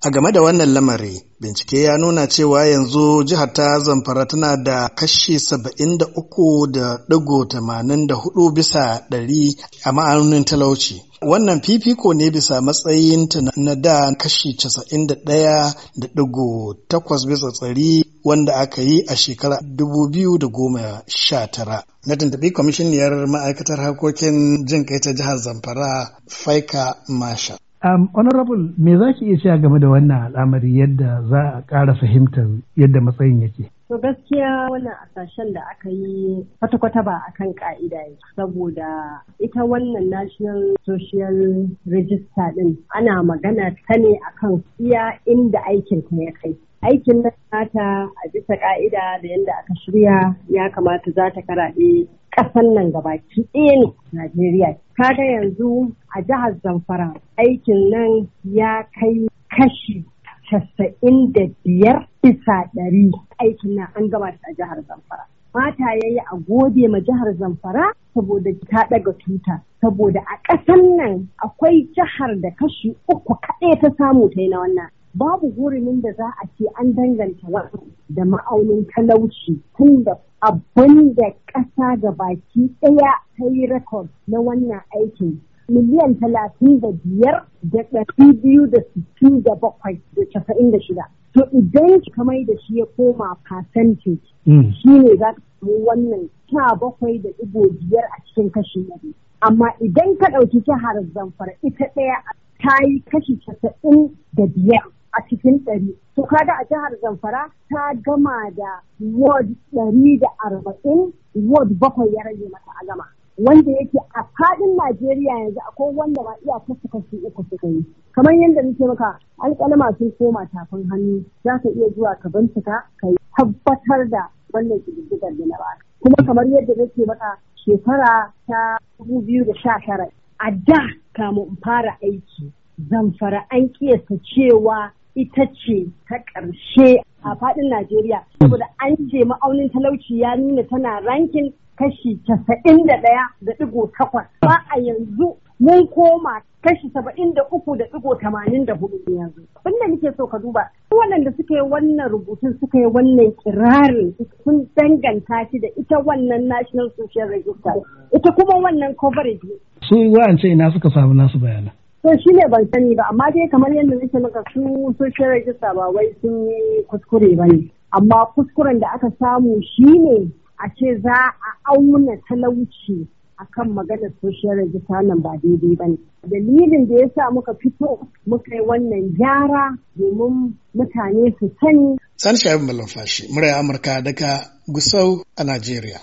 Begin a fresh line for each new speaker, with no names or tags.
A game da wannan lamari, bincike ya nuna cewa yanzu jihar ta Zamfara tana da kashi 73.84 bisa ɗari a ma'aunin talauci. Wannan fifiko ne bisa matsayin ta na da kashi 91.8 bisa tsari wanda aka yi a shekarar 2019. Na tuntubi kwamishiniyar ma'aikatar harkokin jin kai ta jihar Zamfara, Faika Masha. Um, honorable me za ki iya cewa game da wannan al'amari yadda za a ƙara fahimtar yadda matsayin yake? To gaskiya wannan
asashen da aka yi kwata-kwata ba a kan ka'ida ya saboda ita wannan National Social Register ɗin ana magana ta ne akan iya inda aikin ta ya kai. Aikin na ta a bisa ƙa'ida da yadda aka shirya ya kamata za ta karaɗe kasan nan gabaki ɗaya ne Najeriya. Ka ga yanzu a jihar Zamfara aikin nan ya kai kashi casa'in da biyar bisa ɗari aikin nan an gama a jihar Zamfara. Mata ya yi a gode ma jihar Zamfara saboda ta ɗaga tuta. Saboda a ƙasan nan akwai jihar da kashi uku kaɗai ta samu ta yi na wannan. Babu gurumin da za a ce an danganta wani da ma'aunin talauci tun da abin da ƙasa ga baki ɗaya ta yi rekod na wannan aikin miliyan talatin da biyar da ɗari biyu da sittin da bakwai da casa'in da shida. To idan mai da shi ya koma percentage hmm. shi ne za ka samu wannan sha bakwai da ɗigo biyar a cikin kashi ɗari. Amma idan ka ɗauki jihar Zamfara ita ɗaya ta yi kashi casa'in da biyar. a cikin ɗari. To kaga a jihar Zamfara ta gama da ward ɗari da arba'in ward bakwai ya rage mata a gama. Wanda yake a faɗin Najeriya yanzu akwai wanda ba iya kasu kashi uku suka yi. Kamar yadda nake maka alƙalama sun koma tafin hannu za ka iya zuwa ka bincika ka tabbatar da wannan ƙididdigar da na ba. Kuma kamar yadda nake maka shekara ta dubu biyu da sha tara a da kamun in fara aiki zamfara an kiyasta cewa ita ce ta ƙarshe a faɗin Najeriya. Saboda an je ma'aunin talauci ya nuna tana rankin kashi casa'in da ɗaya da ɗigo takwas. Ba a yanzu mun koma kashi saba'in da uku da ɗigo tamanin da hudu yanzu. Abinda nake so ka duba, waɗanda suka yi wannan rubutun suka yi wannan kirarin sun danganta shi da ita wannan National Social Register. Ita kuma wannan coverage.
Su wa'ance ina suka samu nasu bayanan.
To shi ne ban sani ba, amma dai kamar yadda nake maka su social register ba wai sun yi kuskure ba ne. Amma kuskuren da aka samu shi ne a ce za a auna talauci akan maganar social register nan ba daidai ba ne. Dalilin da ya sa muka fito muka yi wannan gyara domin mutane su sani.
Sani Shaibu Malumfashi, Murai Amurka daga
Gusau a Najeriya.